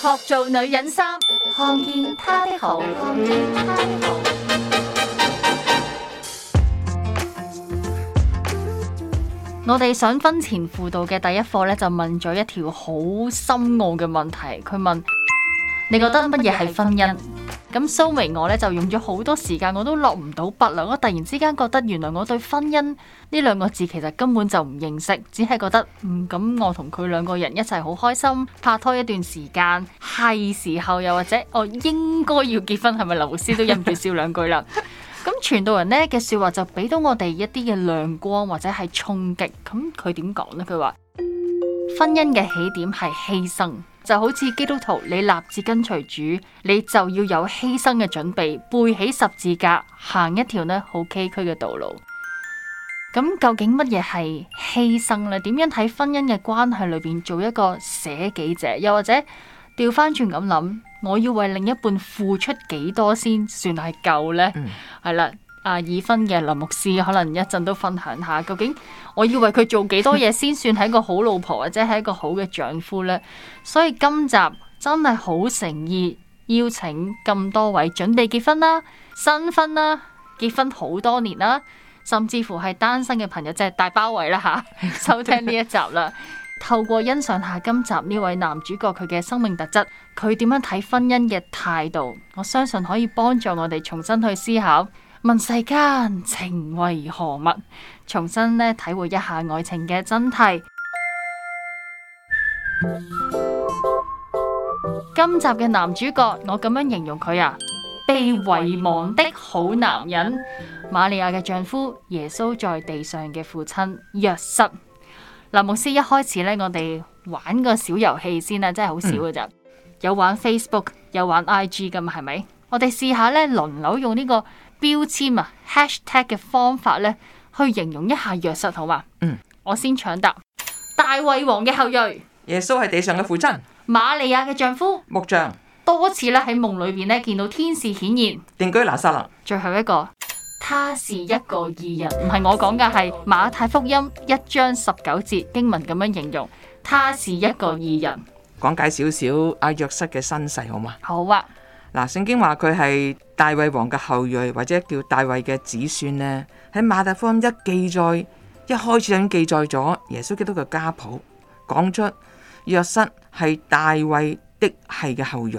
學做女人衫，看見他的好。 我哋上婚前輔導嘅第一課咧，就問咗一條好深奧嘅問題。佢問：你覺得乜嘢係婚姻？咁收尾我咧就用咗好多時間，我都落唔到筆啦！我突然之間覺得，原來我對婚姻呢兩個字其實根本就唔認識，只係覺得嗯，咁我同佢兩個人一齊好開心，拍拖一段時間係時候又或者我應該要結婚，係咪劉師都忍唔住笑兩句啦？咁傳 道人呢嘅說話就俾到我哋一啲嘅亮光或者係衝擊，咁佢點講呢？佢話婚姻嘅起點係犧牲。就好似基督徒，你立志跟隨主，你就要有犧牲嘅準備，背起十字架行一條呢好崎嶇嘅道路。咁究竟乜嘢係犧牲咧？點樣喺婚姻嘅關係裏邊做一個捨己者？又或者調翻轉咁諗，我要為另一半付出幾多先算係夠呢？係啦，嗯。啊！已婚嘅林牧師可能一陣都分享下，究竟我要為佢做幾多嘢，先算係一個好老婆，或者係一個好嘅丈夫呢？所以今集真係好誠意邀請咁多位準備結婚啦、新婚啦、結婚好多年啦，甚至乎係單身嘅朋友，即係大包圍啦吓，收聽呢一集啦。 透過欣賞下今集呢位男主角佢嘅生命特質，佢點樣睇婚姻嘅態度，我相信可以幫助我哋重新去思考。問世間情為何物？重新咧體會一下愛情嘅真諦。 今集嘅男主角，我咁樣形容佢啊，被遺忘的好男人。瑪利亞嘅丈夫，耶穌在地上嘅父親，約瑟。林、啊、牧師一開始咧，我哋玩個小遊戲先啦、啊，真係好少噶咋。嗯、有玩 Facebook，有玩 IG 噶嘛？係咪？我哋試下咧，輪流用呢、這個。標籤啊，hashtag 嘅方法咧，去形容一下約瑟好嘛？嗯，我先搶答。大衛王嘅後裔，耶穌係地上嘅父親，瑪利亞嘅丈夫，木匠像，多次咧喺夢裏邊咧見到天使顯現，定居拿撒勒，最後一個，他是一個義人，唔係我講嘅係馬太福音一章十九節經文咁樣形容，他是一個義人。二人講解少少阿約瑟嘅身世好嘛？好啊。嗱，聖經話佢係大衛王嘅後裔，或者叫大衛嘅子孫呢，喺馬太福音一記載，一開始已經記載咗耶穌基督嘅家譜，講出約瑟係大衛的係嘅後裔。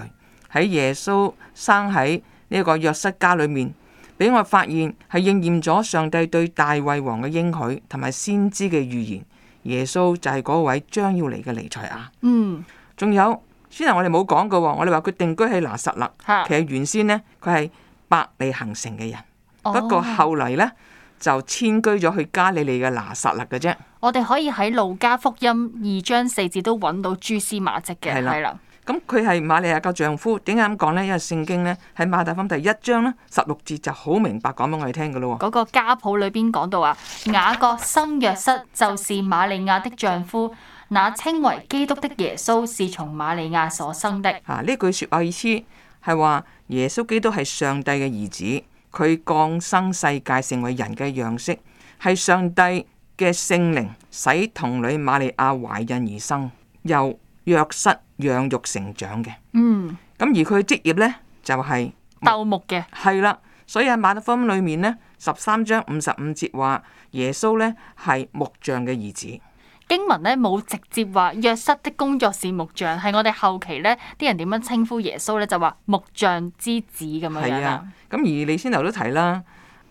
喺耶穌生喺呢個約瑟家裏面，俾我發現係應驗咗上帝對大衛王嘅應許，同埋先知嘅預言。耶穌就係嗰位將要嚟嘅彌賽亞。嗯，仲有。先頭我哋冇講過，我哋話佢定居喺拿撒勒，啊、其實原先呢，佢係伯利恒城嘅人，oh, 不過後嚟呢，就遷居咗去加利利嘅拿撒勒嘅啫。我哋可以喺路加福音二章四節都揾到蛛絲馬跡嘅，係啦、啊。咁佢係瑪利亞嘅丈夫，點解咁講呢？因為聖經呢，喺馬太福音第一章呢，十六節就好明白講俾我哋聽嘅咯喎。嗰個家譜裏邊講到啊，雅各生約瑟就是瑪利亞的丈夫。那稱為基督的耶穌是從瑪利亞所生的。啊，呢句話說話意思係話，耶穌基督係上帝嘅兒子，佢降生世界成為人嘅樣式，係上帝嘅聖靈使童女瑪利亞懷孕而生，又約瑟養育成長嘅。嗯，咁而佢職業呢，就係、是、鬥木嘅。係啦，所以喺馬太福音裏面呢，十三章五十五節話，耶穌呢係木匠嘅兒子。經文咧冇直接話約瑟的工作是木匠，係我哋後期咧啲人點樣稱呼耶穌咧，就話木匠之子咁樣樣啦。咁、啊、而你先頭都提啦，呢、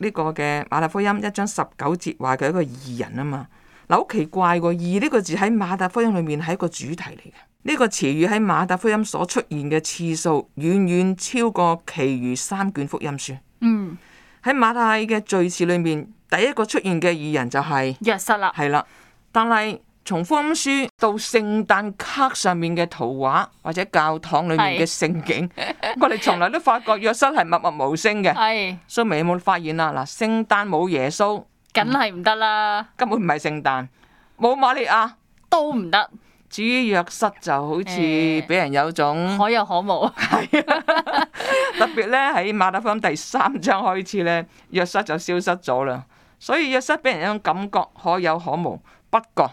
這個嘅馬太福音一章十九節話佢一個義人啊嘛。嗱，好奇怪喎、哦，義呢個字喺馬太福音裏面係一個主題嚟嘅。呢、這個詞語喺馬太福音所出現嘅次數，遠遠超過其餘三卷福音書。嗯，喺馬太嘅序詞裏面，第一個出現嘅義人就係、是、約瑟啦。係啦，但係。從福音書到聖誕卡上面嘅圖畫，或者教堂裏面嘅聖景，我哋從來都發覺約瑟係默默無聲嘅。係，所以咪有冇發現啦？嗱，聖誕冇耶穌，梗係唔得啦。根本唔係聖誕，冇瑪利亞，都唔得。至於約瑟，就好似俾人有種可有可無。係，特別咧喺馬太福音第三章開始咧，約瑟就消失咗啦。所以約瑟俾人有種感覺可有可無。不過，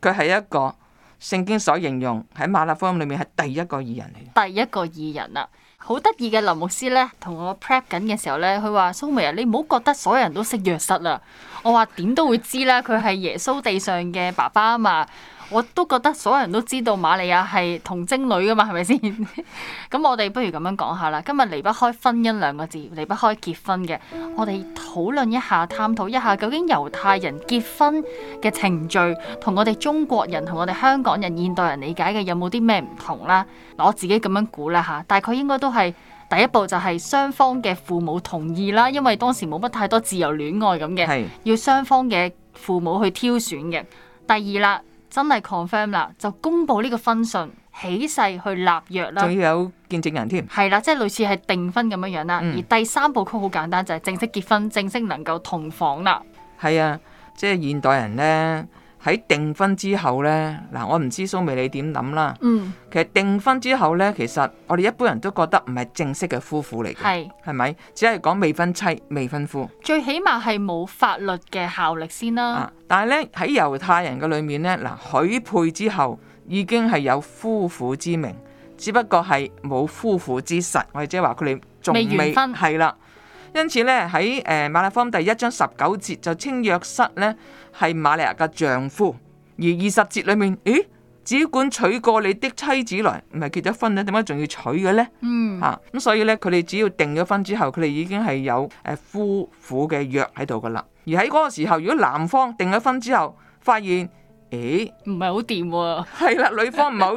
佢係一個聖經所形容喺馬拉松裏面係第一個義人嚟，第一個義人啊。好得意嘅，林牧師呢，同我 prep 緊嘅時候呢，佢話蘇美啊，你唔好覺得所有人都識約瑟啦。我話點都會知啦，佢係耶穌地上嘅爸爸啊嘛。我都覺得所有人都知道瑪利亞係同精女噶嘛，係咪先？咁 我哋不如咁樣講下啦。今日離不開婚姻兩個字，離不開結婚嘅。我哋討論一下，探討一下，究竟猶太人結婚嘅程序同我哋中國人、同我哋香港人、現代人理解嘅有冇啲咩唔同啦？我自己咁樣估啦嚇，大概應該都係第一步就係雙方嘅父母同意啦，因為當時冇乜太多自由戀愛咁嘅，是要雙方嘅父母去挑選嘅。第二啦。真係 confirm 啦，就公布呢個婚訊，起誓去立約啦，仲要有見證人添。係啦，即係類似係訂婚咁樣樣啦。嗯、而第三部曲好簡單，就係、是、正式結婚，正式能夠同房啦。係啊，即係現代人呢。喺訂婚之後呢，嗱，我唔知蘇美你點諗啦。嗯。其實訂婚之後呢，其實我哋一般人都覺得唔係正式嘅夫婦嚟嘅。係是。係咪？只係講未婚妻、未婚夫。最起碼係冇法律嘅效力先啦。啊、但係呢，喺猶太人嘅裡面呢，嗱，許配之後已經係有夫婦之名，只不過係冇夫婦之實。我哋即係話佢哋仲未。未完婚。係啦。因此呢，喺誒、呃、馬勒方第一章十九節就稱約瑟呢。係瑪利亞嘅丈夫，而二十節裏面，咦，只管娶過你的妻子來，唔係結咗婚咧，點解仲要娶嘅呢？呢嗯，吓咁、啊，所以呢，佢哋只要定咗婚之後，佢哋已經係有誒夫婦嘅約喺度噶啦。而喺嗰個時候，如果男方定咗婚之後，發現。誒，唔係好掂喎，係啦、啊， 女方唔係好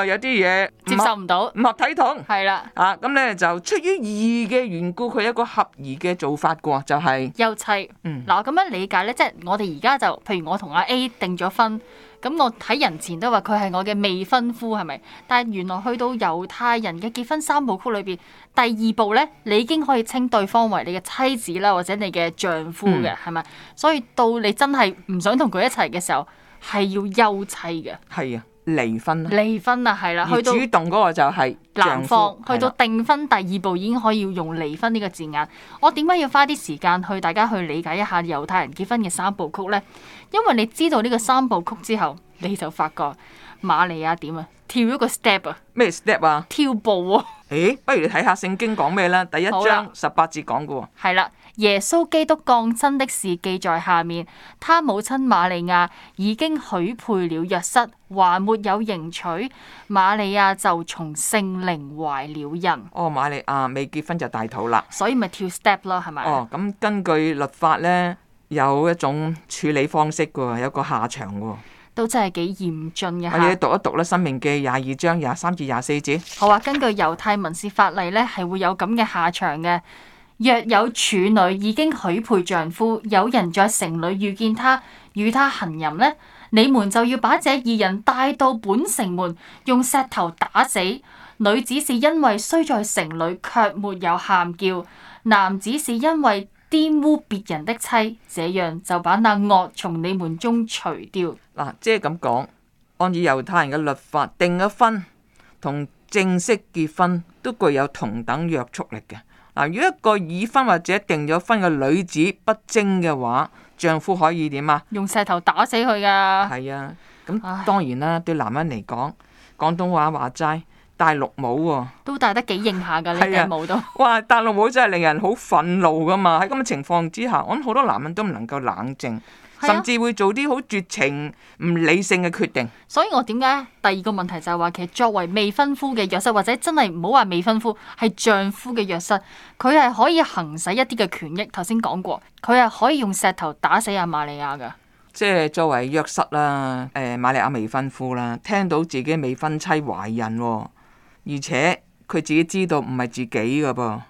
掂，有啲嘢接受唔到，唔合體統係啦，的啊，咁咧就出於義嘅緣故，佢有一個合宜嘅做法嘅就係休妻。其嗯，嗱咁樣理解咧，即係我哋而家就，譬如我同阿 A 訂咗婚，咁我睇人前都話佢係我嘅未婚夫，係咪？但係原來去到猶太人嘅結婚三部曲裏邊，第二部咧，你已經可以稱對方為你嘅妻子啦，或者你嘅丈夫嘅，係咪、嗯？所以到你真係唔想同佢一齊嘅時候。係要休妻嘅，係啊，離婚，啊，離婚啊，係啦，去到主動個就係男方，的去到訂婚第二步已經可以要用離婚呢個字眼。我點解要花啲時間去大家去理解一下猶太人結婚嘅三部曲呢？因為你知道呢個三部曲之後，你就發覺瑪利亞點啊，跳咗個 step 啊，咩 step 啊，跳步啊？誒 欸，不如你睇下聖經講咩啦？第一章十八節講嘅係啦。耶穌基督降生的事記在下面，他母親瑪利亞已經許配了約瑟，還沒有迎娶，瑪利亞就從聖靈懷了孕。哦，瑪利亞未結婚就大肚啦，所以咪跳 step 咯，係咪？哦，咁根據律法呢，有一種處理方式噶，有個下場噶，都真係幾嚴峻嘅吓。我哋讀一讀咧，《申命記》廿二章廿三至廿四節。好啊，根據猶太民事法例呢，係會有咁嘅下場嘅。若有處女已經許配丈夫，有人在城裏遇見他與他行淫呢，你們就要把這二人帶到本城門，用石頭打死。女子是因為雖在城裏却沒有喊叫，男子是因為玷污別人的妻，這樣就把那惡從你們中除掉。嗱，即係咁講，按照猶太人嘅律法，訂嘅婚同正式結婚都具有同等約束力嘅。嗱，如果一個已婚或者定咗婚嘅女子不貞嘅話，丈夫可以點啊？用石頭打死佢噶。係啊，咁當然啦，唉對男人嚟講，廣東話話齋，戴綠帽喎、哦。都戴得幾認下㗎？呢頂、啊、帽都。哇！戴綠帽真係令人好憤怒㗎嘛！喺咁嘅情況之下，我諗好多男人都唔能夠冷靜。甚至會做啲好絕情、唔理性嘅決定。所以我點解第二個問題就係話，其實作為未婚夫嘅約瑟，或者真係唔好話未婚夫係丈夫嘅約瑟，佢係可以行使一啲嘅權益。頭先講過，佢係可以用石頭打死阿瑪利亞噶。即係作為約瑟啦、啊，誒、哎，瑪利亞未婚夫啦、啊，聽到自己未婚妻懷孕、啊，而且佢自己知道唔係自己噶噃、啊。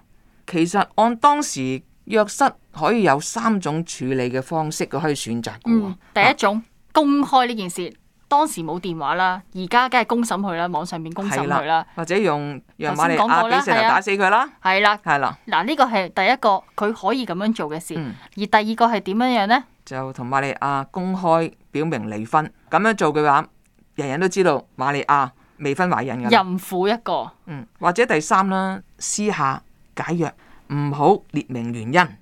其實按當時。約瑟可以有三種處理嘅方式，佢可以選擇嘅。嗯，第一種、啊、公開呢件事，當時冇電話啦，而家梗係公審佢啦，網上面公審佢啦，或者用用馬利亞石頭嚟打死佢啦？係啦，係啦。嗱，呢個係第一個佢可以咁樣做嘅事，嗯、而第二個係點樣樣呢？就同馬利亞公開表明離婚，咁樣做嘅話，人人都知道馬利亞未婚懷孕嘅，淫婦一個。嗯，或者第三啦，私下解約。唔好列明原因，咁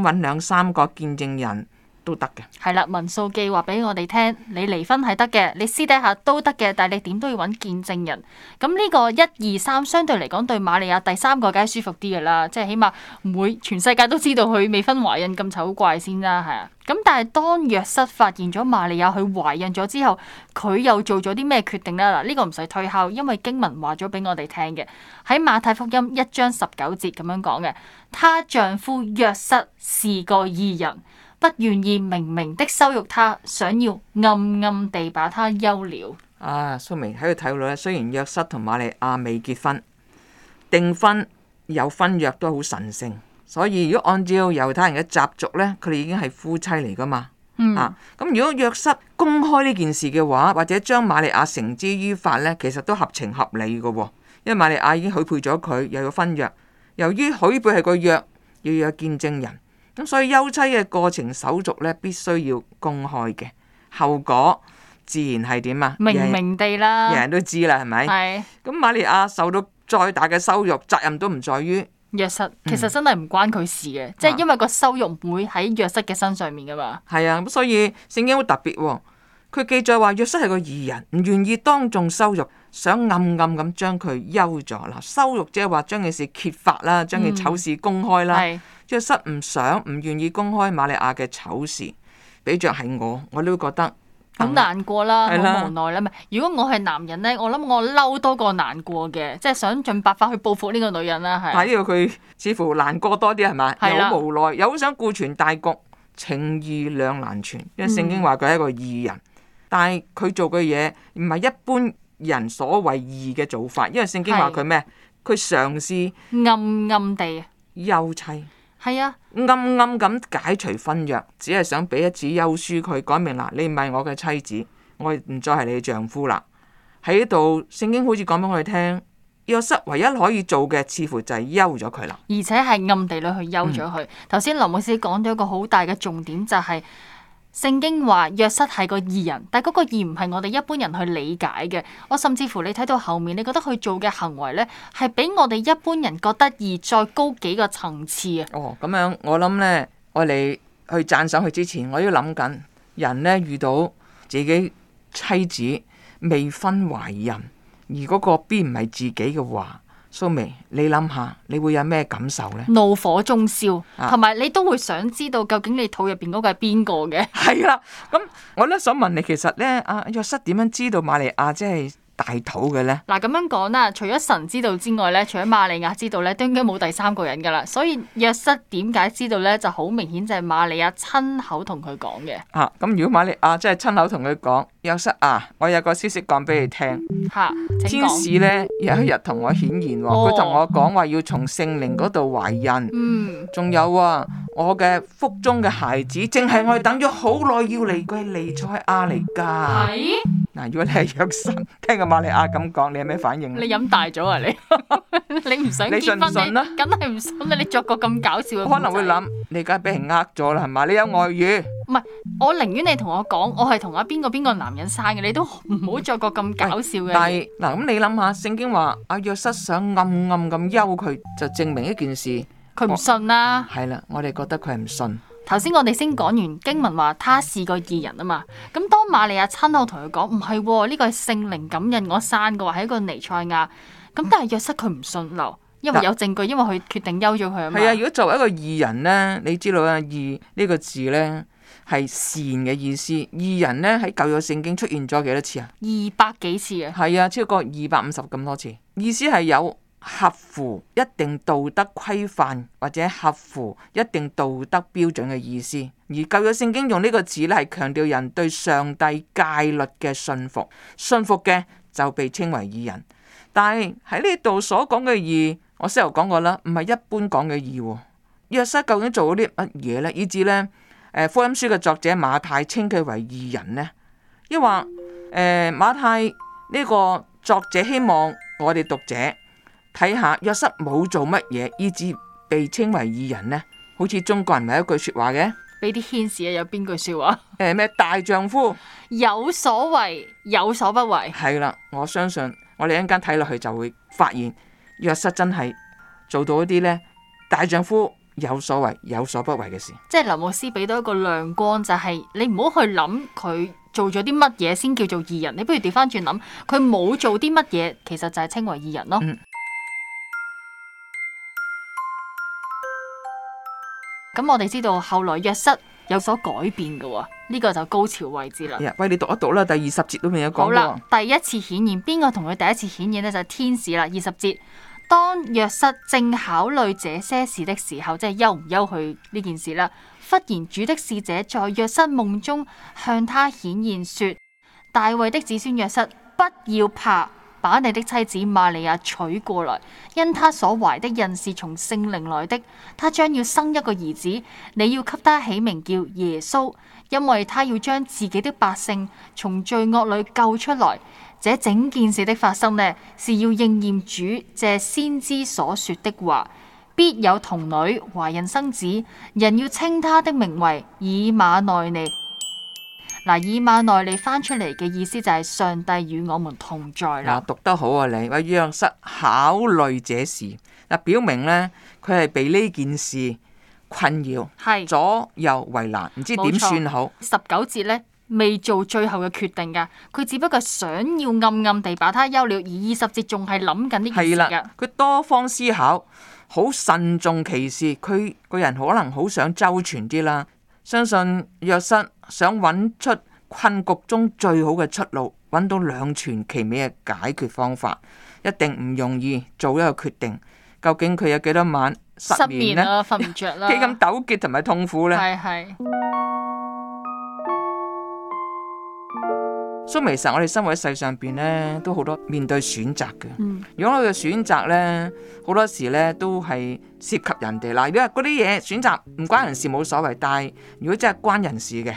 揾兩三個見證人。都得嘅係啦。文素記話俾我哋聽，你離婚係得嘅，你私底下都得嘅，但係你點都要揾見證人。咁呢個一二三相對嚟講，對瑪利亞第三個梗係舒服啲嘅啦，即係起碼唔會全世界都知道佢未婚懷孕咁醜怪先啦。係啊，咁但係當約瑟發現咗瑪利亞佢懷孕咗之後，佢又做咗啲咩決定呢？嗱，呢個唔使推敲，因為經文話咗俾我哋聽嘅，喺馬太福音一章十九節咁樣講嘅，她丈夫約瑟是個義人。不願意明明的羞辱他，想要暗暗地把他休了。啊，蘇明喺度睇到咧，雖然約瑟同瑪利亞未結婚，訂婚有婚約都好神聖，所以如果按照猶太人嘅習俗咧，佢哋已經係夫妻嚟噶嘛。嗯、啊，咁如果約瑟公開呢件事嘅話，或者將瑪利亞繩之於法咧，其實都合情合理嘅。哦，因為瑪利亞已經許配咗佢，又有婚約。由於許配係個約，要有見證人。咁所以休妻嘅過程手續咧，必須要公開嘅，後果自然係點啊？明明地啦，人人都知啦，係咪？係是。咁瑪利亞受到再大嘅羞辱，責任都唔在於約瑟。其實真係唔關佢事嘅，嗯、即係因為個羞辱唔會喺約瑟嘅身上面噶嘛。係啊，咁、啊、所以聖經好特別、啊，佢記載話約瑟係個義人，唔願意當眾羞辱，想暗暗咁將佢休咗。嗱，羞辱即係話將件事揭發啦，將件醜事公開啦。嗯即係唔想，唔願意公開瑪利亞嘅醜事，比着係我，我都會覺得咁難過啦，好無奈啦。如果我係男人呢，我諗我嬲多過難過嘅，即係想盡辦法去報復呢個女人啦。係睇到佢似乎難過多啲係咪？又好無奈，又好想顧全大局，情意兩難全。因為聖經話佢係一個義人，但係佢做嘅嘢唔係一般人所謂義嘅做法。因為聖經話佢咩？佢嘗試暗暗地休妻。係啊，啱啱咁解除婚約，只係想俾一紙休書佢，講明啦，你唔係我嘅妻子，我唔再係你嘅丈夫啦。喺呢度，聖經好似講俾我哋聽，約瑟唯一可以做嘅，似乎就係休咗佢啦，而且係暗地裏去休咗佢。頭先，嗯、林老師講咗一個好大嘅重點，就係，就係。聖經話約瑟係個義人，但係嗰個義唔係我哋一般人去理解嘅。我甚至乎你睇到後面，你覺得佢做嘅行為呢，係比我哋一般人覺得義再高幾個層次啊。哦，咁樣我諗呢，我哋去讚賞佢之前，我都諗緊人呢遇到自己妻子未婚懷孕，而嗰個 B 唔係自己嘅話。蘇眉，你諗下，你會有咩感受呢？怒火中燒，同埋、啊、你都會想知道究竟你肚入邊嗰個係邊個嘅？係啦，咁、嗯、我咧想問你，其實咧，啊，約瑟點樣知道瑪利亞即係大肚嘅咧？嗱、啊，咁樣講啦，除咗神知道之外咧，除咗瑪利亞知道咧，都應該冇第三個人噶啦。所以約瑟點解知道咧，就好明顯就係瑪利亞親口同佢講嘅。啊，咁、嗯、如果瑪利亞即係親口同佢講？有失啊！我有個消息講俾你聽，天使咧有一日同我顯現，佢同我講，話要從聖靈嗰度懷孕。嗯，仲有啊，我嘅腹中嘅孩子，淨係我等咗好耐要嚟，佢係彌賽亞嚟噶。係嗱，如果你係約神，聽個瑪利亞咁講，你有咩反應？你飲大咗啊！你你唔使想結婚？梗係唔信啦！你作個咁搞笑，嘅，可能會諗你梗係俾人呃咗啦，係咪？你有外語。唔係，我寧願你同我講，我係同阿邊個邊個男人生嘅，你都唔好再過咁搞笑嘅，哎。但係嗱，咁你諗下，聖經話阿約瑟想暗暗咁休佢，就證明一件事，佢唔信啦。係啦，我哋覺得佢係唔信。頭先我哋先講完經文話，他是個義人啊嘛。咁當瑪利亞親口同佢講，唔係，哦，呢個係聖靈感印我生嘅話，係一個彌賽亞。咁但係約瑟佢唔信咯，呃，因為有證據，因為佢決定休咗佢啊嘛。係嘞啊，如果作為一個義人咧，你知道啊，義呢個字咧。係善嘅意思，義人呢，喺舊約聖經出現咗幾多，多次啊？二百幾次啊！係啊，超過二百五十咁多次。意思係有合乎一定道德規範或者合乎一定道德標準嘅意思。而舊約聖經用呢個字呢，係強調人對上帝戒律嘅信服，信服嘅就被稱為義人。但係喺呢度所講嘅義，我先頭講過啦，唔係一般講嘅義。約瑟究竟做咗啲乜嘢呢？以至呢。誒，福音書嘅作者馬太稱佢為義人呢？亦或誒，馬太呢個作者希望我哋讀者睇下約瑟冇做乜嘢，以至被稱為義人呢？好似中國人唔係一句說話嘅，畀啲牽涉有邊句說話？誒、 呃，咩大丈夫有所為有所不為？係啦，我相信我哋一陣間睇落去就會發現約瑟真係做到一啲呢，大丈夫。有所為有所不為嘅事，即係林牧師俾到一個亮光，就係、是、你唔好去諗佢做咗啲乜嘢先叫做義人，你不如調翻轉諗，佢冇做啲乜嘢，其實就係稱為義人咯。咁、嗯、我哋知道後來約瑟有所改變㗎喎，呢、這個就高潮位置啦。喂，你讀一讀啦，第二十節都未有講過。好啦，第一次顯現邊個同佢第一次顯現呢？就係、是、天使啦，二十節。當約瑟正考慮這些事的時候，即係休唔休去呢件事啦。忽然，主的使者在約瑟夢中向他顯現說：大衛的子孫約瑟，不要怕，把你的妻子瑪利亞娶過來，因他所懷的人是從聖靈來的。他將要生一個兒子，你要給他起名叫耶穌，因為他要將自己的百姓從罪惡裏救出來。這整件事的發生呢，是要應驗主借先知所說的話：必有童女懷孕生子，人要稱他的名為以馬內利。嗱，以馬內利翻出嚟嘅意思就係上帝與我們同在啦。讀得好啊，你為約瑟考慮這事，嗱，表明呢，佢係被呢件事困擾，係是左右為難，唔知點錯算好。十九節呢。未做最後嘅決定㗎，佢只不過想要暗暗地把他休了，而二十節仲係諗緊啲嘢嘅。係啦，佢多方思考，好慎重其事。佢個人可能好想周全啲啦。相信若失想揾出困局中最好嘅出路，揾到兩全其美嘅解決方法，一定唔容易做一個決定。究竟佢有幾多晚失眠瞓唔着咧？幾咁糾結同埋痛苦咧？係係。所以其實我哋生活喺世上邊咧，都好多面對選擇嘅。嗯、如果我哋嘅選擇咧，好多時咧都係涉及人哋。嗱，如果嗰啲嘢選擇唔關人事冇所謂，但係如果真係關人事嘅，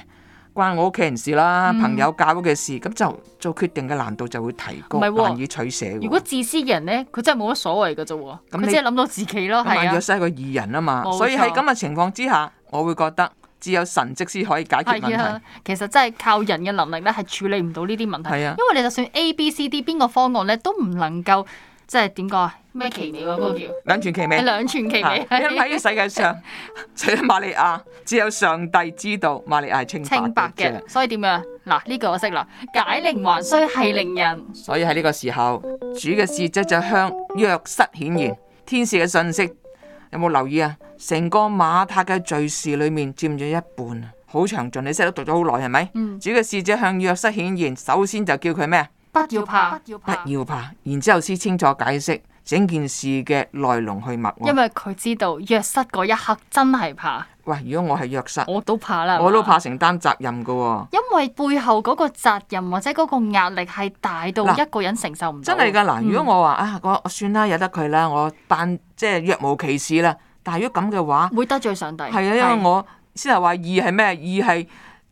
關我屋企人事啦，嗯、朋友搞嘅事，咁就做決定嘅難度就會提高，啊、難以取捨。如果自私嘅人咧，佢真係冇乜所謂嘅啫，你只係諗到自己咯。係咪？萬惡勢個二人啊嘛，錯所以喺咁嘅情況之下，我會覺得。只有神蹟先可以解決問題。哎、其實真係靠人嘅能力咧，係處理唔到呢啲問題。哎、呀因為你就算 A、B、C、D 邊個方案咧，都唔能夠即係點講啊？咩其美嗰個叫兩全其美，哎、兩全其美喺呢個世界上， 除咗瑪利亞，只有上帝知道瑪利亞係清白嘅。所以點樣嗱？呢句、這個、我識啦，解鈴還須繫鈴人。所以喺呢個時候，主嘅使者就向約瑟顯現天使嘅信息。有冇留意啊？成個馬塔嘅敘事裏面佔咗一半，好詳盡。你識得讀咗好耐，係咪？嗯。主嘅使者向約瑟顯現，首先就叫佢咩？不要怕，不要怕。不要怕，然之後先清楚解釋整件事嘅來龍去脈。因為佢知道約瑟嗰一刻真係怕。喂，如果我係約瑟，我都怕啦，我都怕承擔責任噶、哦。因為背後嗰個責任或者嗰個壓力係大到一個人承受唔到真係噶嗱，嗯、如果我話啊、哎，我算啦，由得佢啦，我扮即係若無其事啦。但係如果咁嘅話，會得罪上帝。係啊的，因為的我先係話義係咩？義係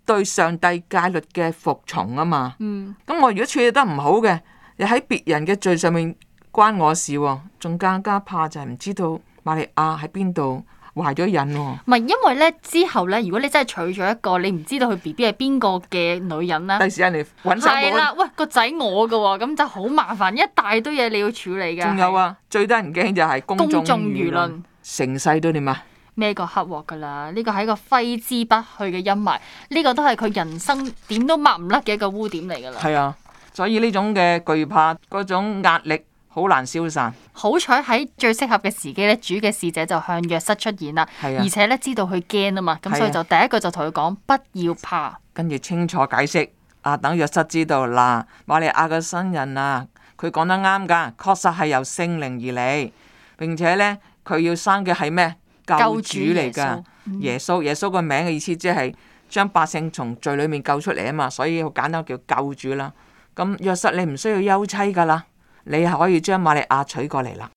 對上帝戒律嘅服從啊嘛。嗯。咁我如果處理得唔好嘅，你喺別人嘅罪上面關我事、哦，仲更加怕就係唔知道瑪利亞喺邊度。懷咗孕喎，唔係、哦、因為咧之後咧，如果你真係娶咗一個你唔知道佢 B B 係邊個嘅女人啦，第時人嚟揾晒我，我、哦，係啦，喂個仔我噶，咁就好麻煩，一大堆嘢你要處理嘅。仲有啊，的最得人驚就係公眾輿論，成世都點啊？孭個黑鑊噶啦，呢個係一個揮之不去嘅陰霾，呢個都係佢人生點都抹唔甩嘅一個污點嚟噶啦。係啊，所以呢種嘅懼怕，嗰種壓力。好難消散。好彩喺最適合嘅時機咧，主嘅使者就向約瑟出現啦，啊、而且咧知道佢驚啊嘛，咁、啊、所以就第一句就同佢講不要怕，啊、跟住清楚解釋啊。等約瑟知道嗱，瑪利亞嘅新人啊，佢講得啱㗎，確實係由聖靈而嚟。並且呢，佢要生嘅係咩救主嚟㗎？耶穌耶穌個名嘅意思即係將百姓從罪裡面救出嚟啊嘛，所以好簡單叫救主啦。咁約瑟你唔需要休妻㗎啦。你可以將瑪利亞娶過嚟啦！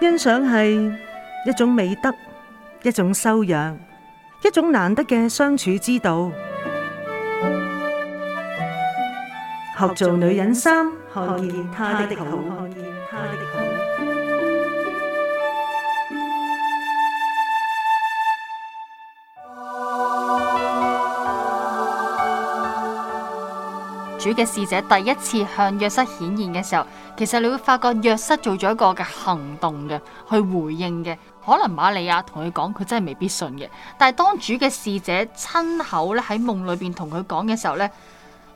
欣賞係一種美德，一種修養，一種難得嘅相處之道。學做女人三，看見她的好。主嘅侍者第一次向約瑟顯現嘅時候，其實你會發覺約瑟做咗一個嘅行動嘅，去回應嘅。可能瑪利亞同佢講，佢真係未必信嘅。但係當主嘅侍者親口咧喺夢裏邊同佢講嘅時候呢，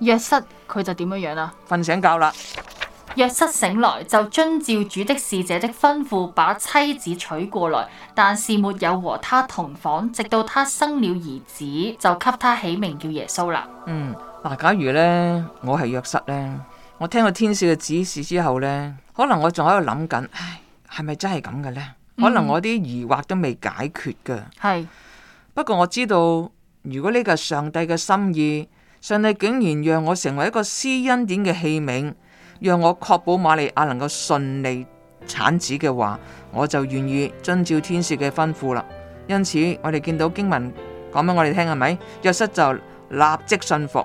約瑟佢就點樣樣啦？瞓醒覺啦。約瑟醒，醒來就遵照主的侍者的吩咐，把妻子娶過來，但是沒有和他同房，直到他生了兒子，就給他起名叫耶穌啦。嗯。嗱，假如咧，我係約瑟咧，我聽過天使嘅指示之後咧，可能我仲喺度諗緊，係咪真係咁嘅咧？嗯、可能我啲疑惑都未解決噶。係是不過我知道，如果呢個上帝嘅心意，上帝竟然讓我成為一個施恩典嘅器皿，讓我確保瑪利亞能夠順利產子嘅話，我就願意遵照天使嘅吩咐啦。因此，我哋見到經文講俾我哋聽係咪？約瑟就立即信服。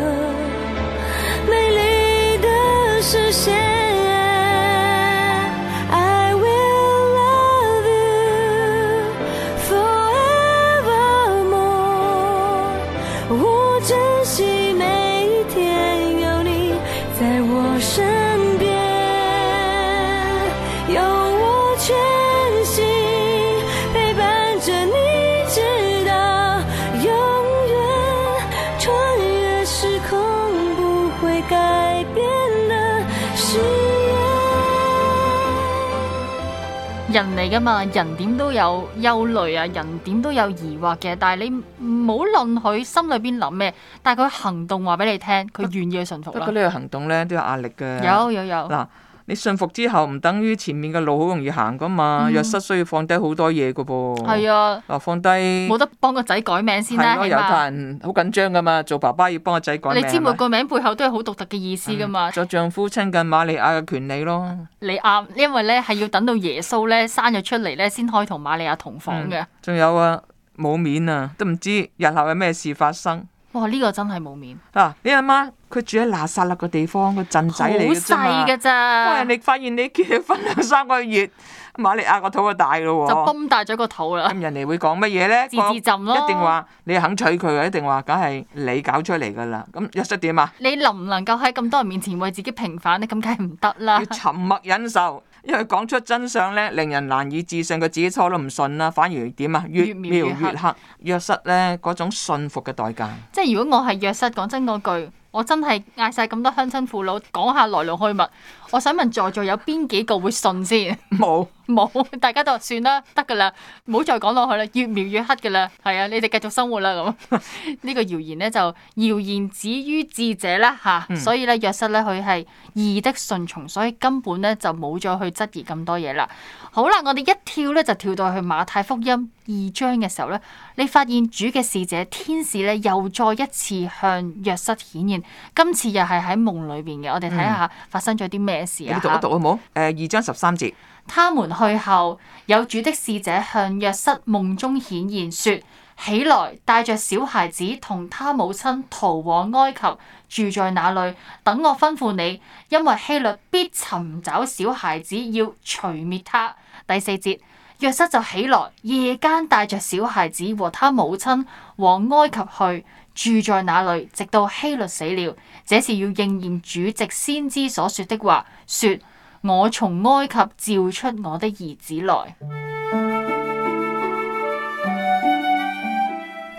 人嚟噶嘛，人點都有憂慮啊，人點都有疑惑嘅。但係你唔好論佢心裏邊諗咩，但係佢行動話俾你聽，佢願但意去信服啦。不過呢個行動咧都有壓力嘅。有有有嗱。你信服之後唔等於前面嘅路好容易行噶嘛？約瑟、嗯、需要放低好多嘢嘅噃。係啊，嗱、啊，放低冇得幫個仔改名先啦、啊、嘛。啊、嗎猶太人好緊張噶嘛，做爸爸要幫個仔改名。你知每個名背後都係好獨特嘅意思噶嘛、嗯？做丈夫親近瑪利亞嘅權利咯。你啱、啊，因為咧係要等到耶穌咧生咗出嚟咧，先可以同瑪利亞同房嘅。仲、嗯、有啊，冇面啊，都唔知日後有咩事發生。哇！呢、這個真係冇面。嗱、啊，你阿、啊、媽。佢住喺拿撒勒嘅地方，個鎮仔嚟嘅細㗎咋。哇！人哋發現你結咗婚兩三個月，馬利亞個肚就大咯喎。就泵大咗個肚啦。咁人哋會講乜嘢咧？自自尋咯。一定話你肯娶佢，一定話梗係你搞出嚟噶啦。咁約瑟點啊？你能唔能夠喺咁多人面前為自己平反咧？你咁梗係唔得啦。要沉默忍受，因為講出真相咧，令人難以置信。佢自己錯都唔信啦，反而點啊？越描越黑。約瑟咧嗰種信服嘅代價。即係如果我係約瑟，講真嗰句。我真係嗌晒咁多鄉親父老講下來龍去脈。我想問在座有邊幾個會信先？冇冇有， 大家都話算啦，得噶啦，唔好再講落去啦，越描越黑噶啦。係啊，你哋繼續生活啦咁。呢 個謠言咧就謠言止於智者啦吓、啊，所以咧約瑟咧佢係義的順從，所以根本咧就冇再去質疑咁多嘢啦。好啦，我哋一跳咧就跳到去馬太福音二章嘅時候咧，你發現主嘅使者天使咧又再一次向約瑟顯現，今次又係喺夢裏邊嘅。我哋睇下發生咗啲咩。嗯你讀一讀好唔好？二章十三節，他們去後，有主的使者向約瑟夢中顯現，說：起來，帶着小孩子同他母親逃往埃及，住在那裏，等我吩咐你，因為希律必尋找小孩子，要除滅他。第四節。約瑟就起來，夜間帶着小孩子和他母親往埃及去，住在那裏，直到希律死了。這是要應驗主藉先知所說的話，說，我從埃及召出我的兒子來。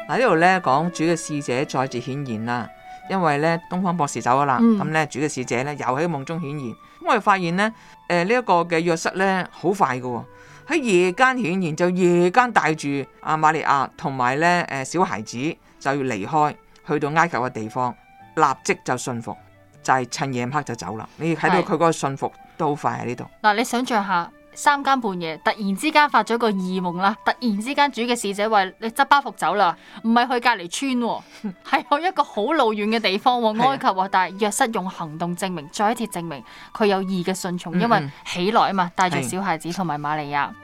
嗱、嗯、呢度咧講主嘅使者再次顯現啦，因為咧東方博士走咗啦，咁、嗯、咧主嘅使者咧又喺夢中顯現，我哋發現咧，誒呢一個嘅約瑟咧好快噶、哦。喺夜間顯現就夜間帶住阿瑪利亞同埋咧誒小孩子就要離開，去到埃及嘅地方，立即就信服，就係、是、趁夜暗黑就走啦。你睇到佢嗰個信服都好快喺呢度。嗱，你想象下。三更半夜突然之間發咗個異夢啦，突然之間主嘅使者話你執包袱走啦，唔係去隔籬村，啊，係去 一個好老遠嘅地方，埃及啊！及但係約瑟用行動證明，再一次證明佢有意嘅信從，因為起來啊嘛，帶住小孩子同埋瑪利亞。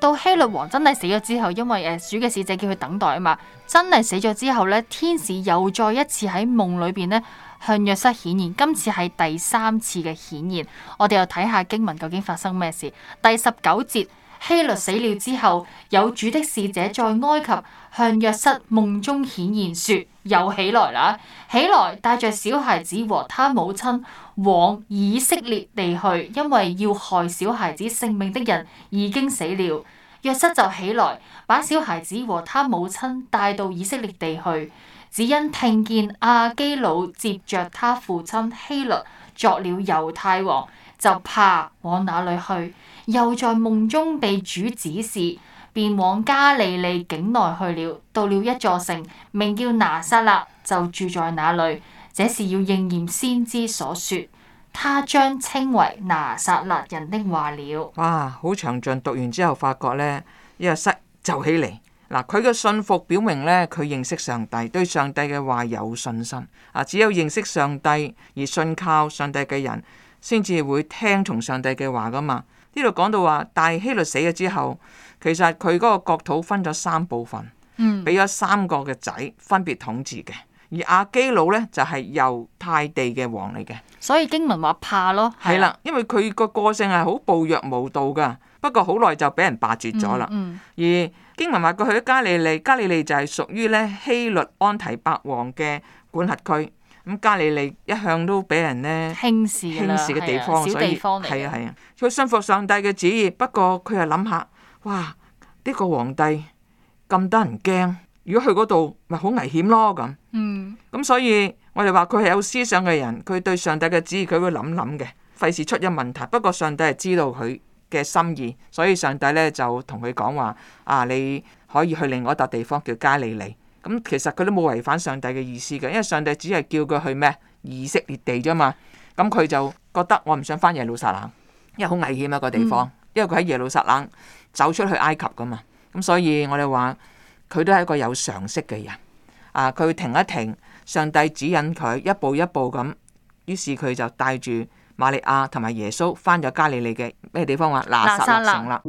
到希律王真係死咗之後，因為誒主嘅使者叫佢等待啊嘛，真係死咗之後呢，天使又再一次喺夢裏邊呢。向約瑟顯現，今次係第三次嘅顯現。我哋又睇下經文究竟發生咩事？第十九節，希律死了之後，有主的使者在埃及向約瑟夢中顯現，說：又起來啦，起來，帶着小孩子和他母親往以色列地去，因為要害小孩子性命的人已經死了。約瑟就起來，把小孩子和他母親帶到以色列地去。.只因聽見亞基老接着他父親希律作了猶太王，就怕往那裡去。又在夢中被主指示，便往加利利境內去了。到了一座城，名叫拿撒勒，就住在那裡。這是要應驗先知所說，他將稱為拿撒勒人的話了。哇！好詳盡，讀完之後，發覺呢，一個室就起嚟。嗱，佢嘅信服表明咧，佢認識上帝，對上帝嘅話有信心。啊，只有認識上帝而信靠上帝嘅人，先至會聽從上帝嘅話噶嘛。呢度講到話，大希律死咗之後，其實佢嗰個國土分咗三部分，嗯，俾咗三個嘅仔分別統治嘅，而亞基老咧就係、是、猶太地嘅王嚟嘅。所以經文話怕咯，係啦，啊，因為佢個個性係好暴虐無道噶，不過好耐就俾人霸絕咗啦。而、嗯嗯嗯經文話過，去咗加利利，加利利就係屬於咧希律安提伯王嘅管轄區。咁加利利一向都俾人咧輕視嘅地方，的所以係啊係啊，佢信服上帝嘅旨意。不過佢又諗下，哇！呢、這個皇帝咁得人驚，如果去嗰度咪好危險咯咁。嗯，咁所以我哋話佢係有思想嘅人，佢對上帝嘅旨意佢會諗諗嘅，費事出咗問題。不過上帝係知道佢嘅心意，所以上帝咧就同佢講話：啊，你可以去另外一笪地方叫加利利。咁、嗯、其實佢都冇違反上帝嘅意思嘅，因為上帝只係叫佢去咩以色列地啫嘛。咁佢就覺得我唔想翻耶路撒冷，因為好危險一個地方，因為佢喺耶路撒冷走出去埃及噶嘛。咁、嗯、所以我哋話佢都係一個有常識嘅人。啊，佢會停一停，上帝指引佢一步一步咁，於是佢就帶住。瑪利亞同埋耶穌翻咗加利利嘅咩地方啊？拿撒勒城啦。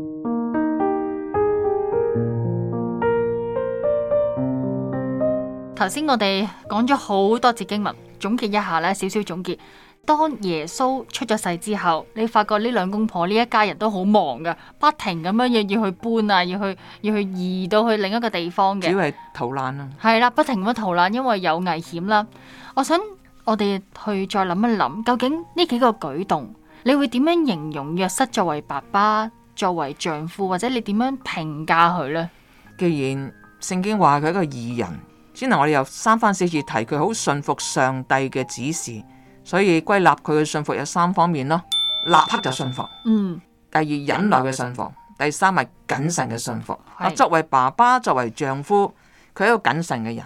頭先我哋講咗好多節經文，總結一下咧，少少總結。當耶穌出咗世之後，你發覺呢兩公婆呢一家人都好忙嘅，不停咁樣樣要去搬啊，要去要去移到去另一個地方嘅。主要係逃難啊。係啦，不停咁樣逃難，因為有危險啦。我想。我哋去再諗一諗，究竟呢幾個舉動，你會點樣形容約瑟作為爸爸、作為丈夫，或者你點樣評價佢呢？既然聖經話佢係一個義人，只能我哋又三番四次提佢好信服上帝嘅指示，所以歸納佢嘅信服有三方面咯。立刻就信服，嗯，第二忍耐嘅信服，第三咪謹慎嘅信服。信服啊，作為爸爸、作為丈夫，佢係一個謹慎嘅人，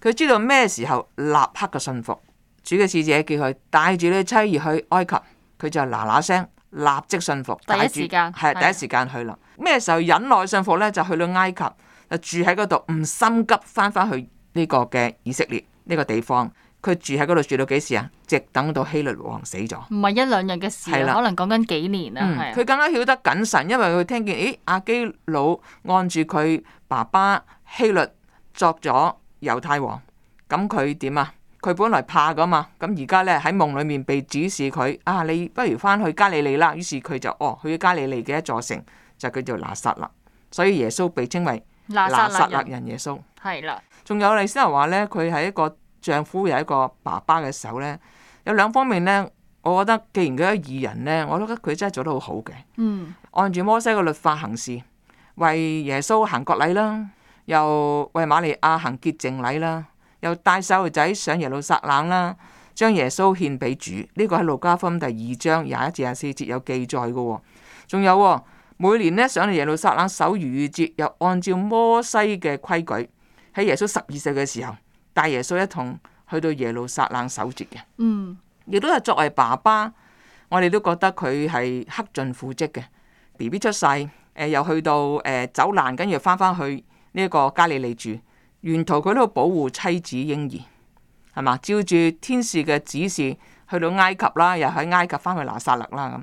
佢知道咩時候立刻嘅信服。主嘅使者叫佢帶住啲妻兒去埃及，佢就嗱嗱聲立即信服，第一時間帶住係第一時間去啦。咩的時候忍耐信服咧？就去到埃及，就住喺嗰度，唔心急翻翻去呢個嘅以色列呢、呢個地方。佢住喺嗰度住到幾時啊？直等到希律王死咗，唔係一兩日嘅事，的可能講緊幾年啊。佢、嗯、的更加曉得謹慎，因為佢聽見咦，亞基老按住佢爸爸希律作咗猶太王，咁佢點啊？佢本來怕噶嘛，咁而家咧，喺夢裏面被指示佢啊，你不如翻去加利利啦。於是佢就哦，去咗加利利嘅一座城，就叫做拿撒勒。所以耶穌被稱為拿撒勒人耶穌。係啦，仲有你先頭話咧，佢係一個丈夫又係一個爸爸嘅時候咧，有兩方面咧。我覺得既然佢係義人咧，我都覺得佢真係做得好好嘅。嗯，按住摩西嘅律法行事，為耶穌行割禮啦，又為瑪利亞行潔淨禮啦。又帶細路仔上耶路撒冷啦，將耶穌獻俾主，呢、這個喺路加福音第二章廿一至廿四節有記載嘅，哦。仲有啊，哦，每年呢上嚟耶路撒冷守逾節，又按照摩西嘅規矩，喺耶穌十二歲嘅時候，帶耶穌一同去到耶路撒冷守節嘅。嗯，亦都係作為爸爸，我哋都覺得佢係克盡父職嘅。B B 出世，誒，呃，又去到誒，呃，走難，跟住翻翻去呢一個加利利住。沿途佢都保護妻子嬰兒，係嘛？照住天使嘅指示去到埃及啦，又喺埃及翻去拿撒勒啦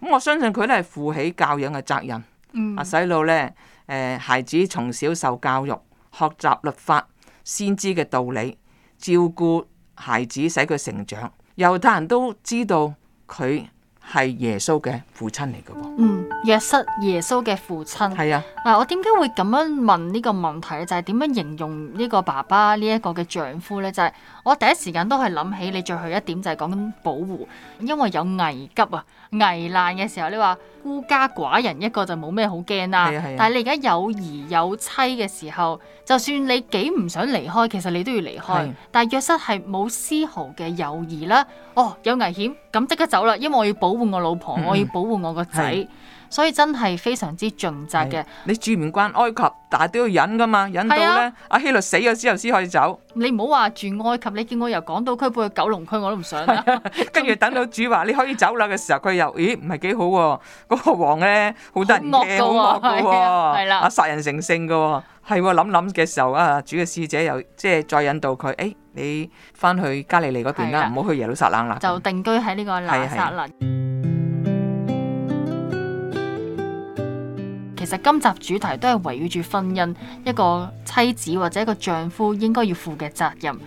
咁。咁我相信佢咧係負起教養嘅責任，啊、嗯，細路咧，誒，孩子從小受教育，學習律法、先知嘅道理，照顧孩子，使佢成長。猶太人都知道佢。係耶穌嘅父親嚟噶喎，嗯，約瑟耶穌嘅父親係啊，嗱、啊，我點解會咁樣問呢個問題咧？就係、是、點樣形容呢個爸爸呢一個嘅丈夫咧？就係、是、我第一時間都係諗起你最後一點就係講緊保護，因為有危急啊。危難嘅時候，你話孤家寡人一個就冇咩好驚啦。的但係你而家有兒有妻嘅時候，就算你幾唔想離開，其實你都要離開。的但係約瑟係冇絲毫嘅友豫啦。哦，有危險，咁即刻走啦，因為我要保護我老婆，嗯嗯我要保護我個仔。所以真係非常之盡責嘅。你住唔慣埃及，但係都要忍噶嘛，忍到咧阿希律死咗之後先可以走。你唔好話住埃及，你見我由港島區搬去九龍區，我都唔想啦。跟住等到主話你可以走啦嘅時候，佢又，咦唔係幾好？嗰個王咧好得意嘅，好惡嘅，係啦，阿殺人成性嘅，係諗諗嘅時候啊，主嘅使者又即係再引導佢，誒你翻去加利利嗰邊啦，唔好去耶路撒冷啦。就定居喺呢個耶其實今集主題都係圍繞住婚姻，一個妻子或者一個丈夫應該要負嘅責任。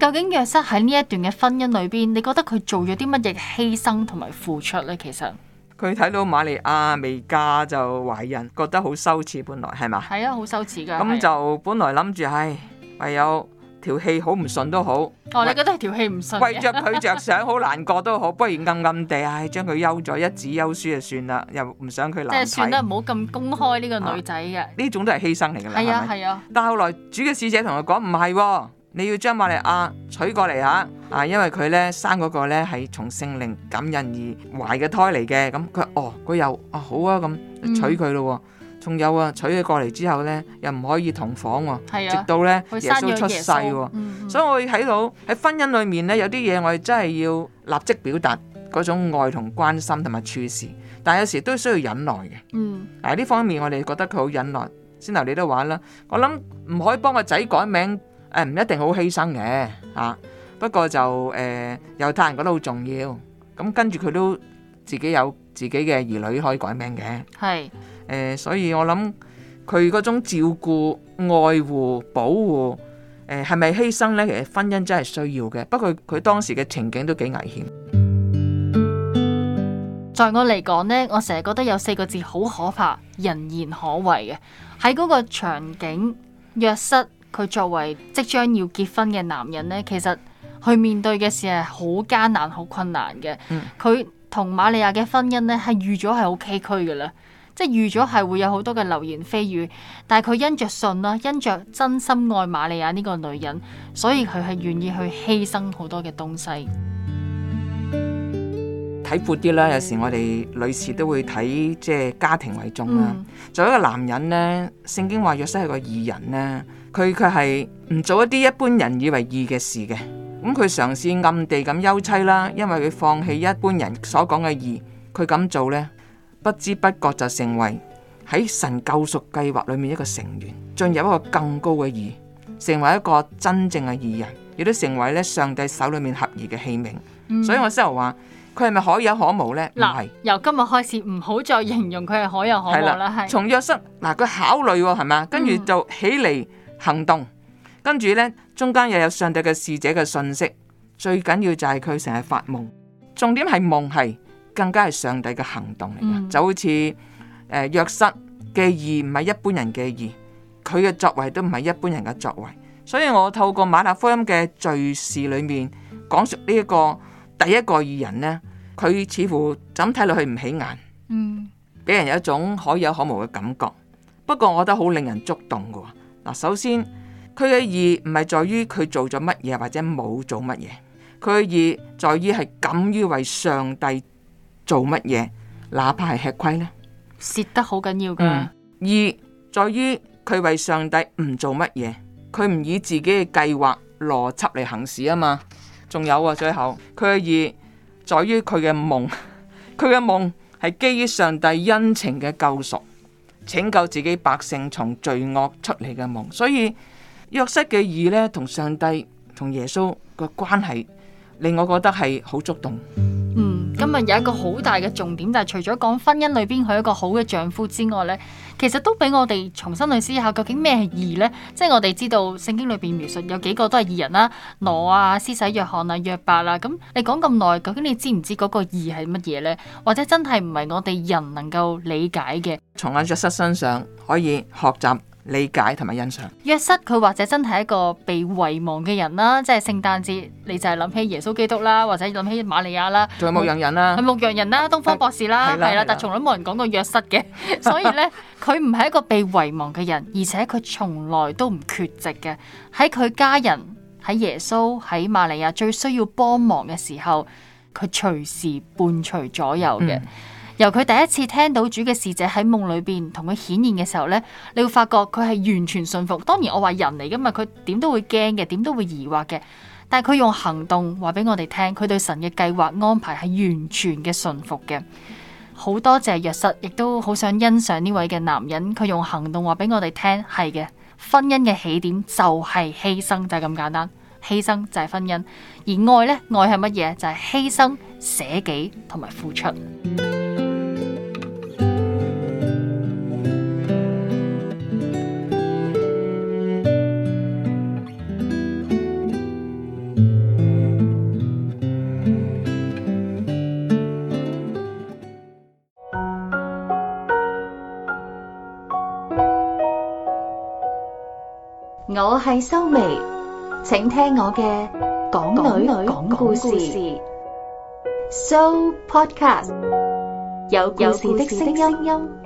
究竟約瑟喺呢一段嘅婚姻裏邊，你覺得佢做咗啲乜嘢犧牲同埋付出呢？其實佢睇到瑪利亞未嫁就懷孕，覺得好羞恥，本來係嘛？係啊，好羞恥噶。咁、啊、就本來諗住係唯有。條氣好唔順都好，哦，你覺得係條氣唔順，為着佢着想好難過都好，不如暗暗地，唉，將佢休咗，一紙休書就算啦，又唔想佢難睇。即係算啦，唔好咁公開呢個女仔嘅，啊，呢種都係犧牲嚟噶啦。係啊係啊，啊但係後來主嘅使者同佢講，唔係，喔，你要將馬利亞娶過嚟吓，啊，因為佢咧生嗰個咧係從聖靈感恩而懷嘅胎嚟嘅，咁佢哦，佢又啊好啊咁娶佢咯。仲有啊！娶佢過嚟之後咧，又唔可以同房喎、哦，啊、直到咧耶穌出世喎、哦，嗯嗯所以我會睇到喺婚姻裏面咧有啲嘢，我哋真係要立即表達嗰種愛同關心同埋處事，但係有時都需要忍耐嘅。嗯，喺呢、啊、方面我哋覺得佢好忍耐。先頭你都話啦，我諗唔可以幫個仔改名，誒、啊、唔一定好犧牲嘅啊。不過就誒，猶、啊、太人覺得好重要咁、啊，跟住佢都自己有自己嘅兒女可以改名嘅，係。誒、呃，所以我諗佢嗰種照顧、愛護、保護，誒係咪犧牲咧？其實婚姻真係需要嘅，不過佢當時嘅情景都幾危險。在我嚟講呢，我成日覺得有四個字好可怕，人言可畏嘅。喺嗰個場景約瑟，佢作為即將要結婚嘅男人呢，其實去面對嘅事係好艱難、好困難嘅。佢同、嗯、瑪利亞嘅婚姻呢，係預咗係好崎嶇嘅啦。即係預咗係會有好多嘅流言蜚語，但係佢因着信啦，因着真心愛瑪利亞呢個女人，所以佢係願意去犧牲好多嘅東西。睇闊啲啦，有時我哋女士都會睇即係家庭為重啦。作為、嗯、一個男人呢，聖經話約瑟係個義人呢，佢卻係唔做一啲一般人以為義嘅事嘅。咁佢嘗試暗地咁休妻啦，因為佢放棄一般人所講嘅義，佢咁做呢。不知不覺就成為喺神救贖計劃裏面一個成員，進入一個更高嘅義，成為一個真正嘅義人，亦都成為咧上帝手裏面合義嘅器皿。嗯、所以我先又話佢係咪可有可無呢？嗱、嗯，由是今日開始唔好再形容佢係可有可無啦。係是從約瑟嗱，佢考慮係、哦、咪？跟住就起嚟行動，嗯、跟住呢，中間又有上帝嘅使者嘅訊息，最緊要就係佢成日發夢，重點係夢係。更加係上帝嘅行動嚟嘅，嗯、就好似誒、呃、約瑟嘅義唔係一般人嘅義，佢嘅作為都唔係一般人嘅作為。所以我透過馬太福音嘅敘事裏面講述呢一個第一個義人，呢佢似乎怎睇落去唔起眼，嗯，俾人有一種可有可無嘅感覺。不過我覺得好令人觸動嘅嗱。首先佢嘅義唔係在於佢做咗乜嘢或者冇做乜嘢，佢嘅義在於係敢於為上帝。做乜嘢？哪怕係吃虧呢？蝕得好緊要噶。二在於佢為上帝唔做乜嘢，佢唔以自己嘅計劃邏輯嚟行事啊嘛。仲有啊，最後佢嘅二在於佢嘅夢，佢嘅夢係基於上帝恩情嘅救贖，拯救自己百姓從罪惡出嚟嘅夢。所以約瑟嘅二呢，同上帝同耶穌嘅關係，令我覺得係好觸動。嗯。今日有，有一個好大嘅重點，就係除咗講婚姻裏邊佢一個好嘅丈夫之外咧，其實都俾我哋重新去思考，究竟咩係義咧？即係我哋知道聖經裏邊描述有幾個都係義人啦，挪啊、施洗約翰啊、約伯啊。咁、啊、你講咁耐，究竟你知唔知嗰個義係乜嘢咧？或者真係唔係我哋人能夠理解嘅？從眼約瑟身上可以學習。理解同埋欣賞約瑟佢或者真係一個被遺忘嘅人啦，即係聖誕節你就係諗起耶穌基督啦，或者諗起瑪利亞啦，仲有牧羊人啦，牧羊、嗯、人，人啦，東方博士啦，係啦，啦，啦，但從來冇人講過約瑟嘅， 所以咧佢唔係一個被遺忘嘅人，而且佢從來都唔缺席嘅，喺佢家人喺耶穌喺瑪利亞最需要幫忙嘅時候，佢隨時伴隨左右嘅。嗯。由佢第一次聽到主嘅使者喺夢裏邊同佢顯現嘅時候呢，你會發覺佢係完全信服。當然我，我話人嚟噶嘛，佢點都會驚嘅，點都會疑惑嘅。但係佢用行動話俾我哋聽，佢對神嘅計劃安排係完全嘅信服嘅。好多謝約瑟，亦都好想欣賞呢位嘅男人，佢用行動話俾我哋聽，係嘅。婚姻嘅起點就係犧牲，就係咁簡單。犧牲就係婚姻，而愛呢，愛係乜嘢？就係犧牲捨己同埋付出。我係修眉，請聽我嘅港女講故事，So Podcast 有故事的聲音。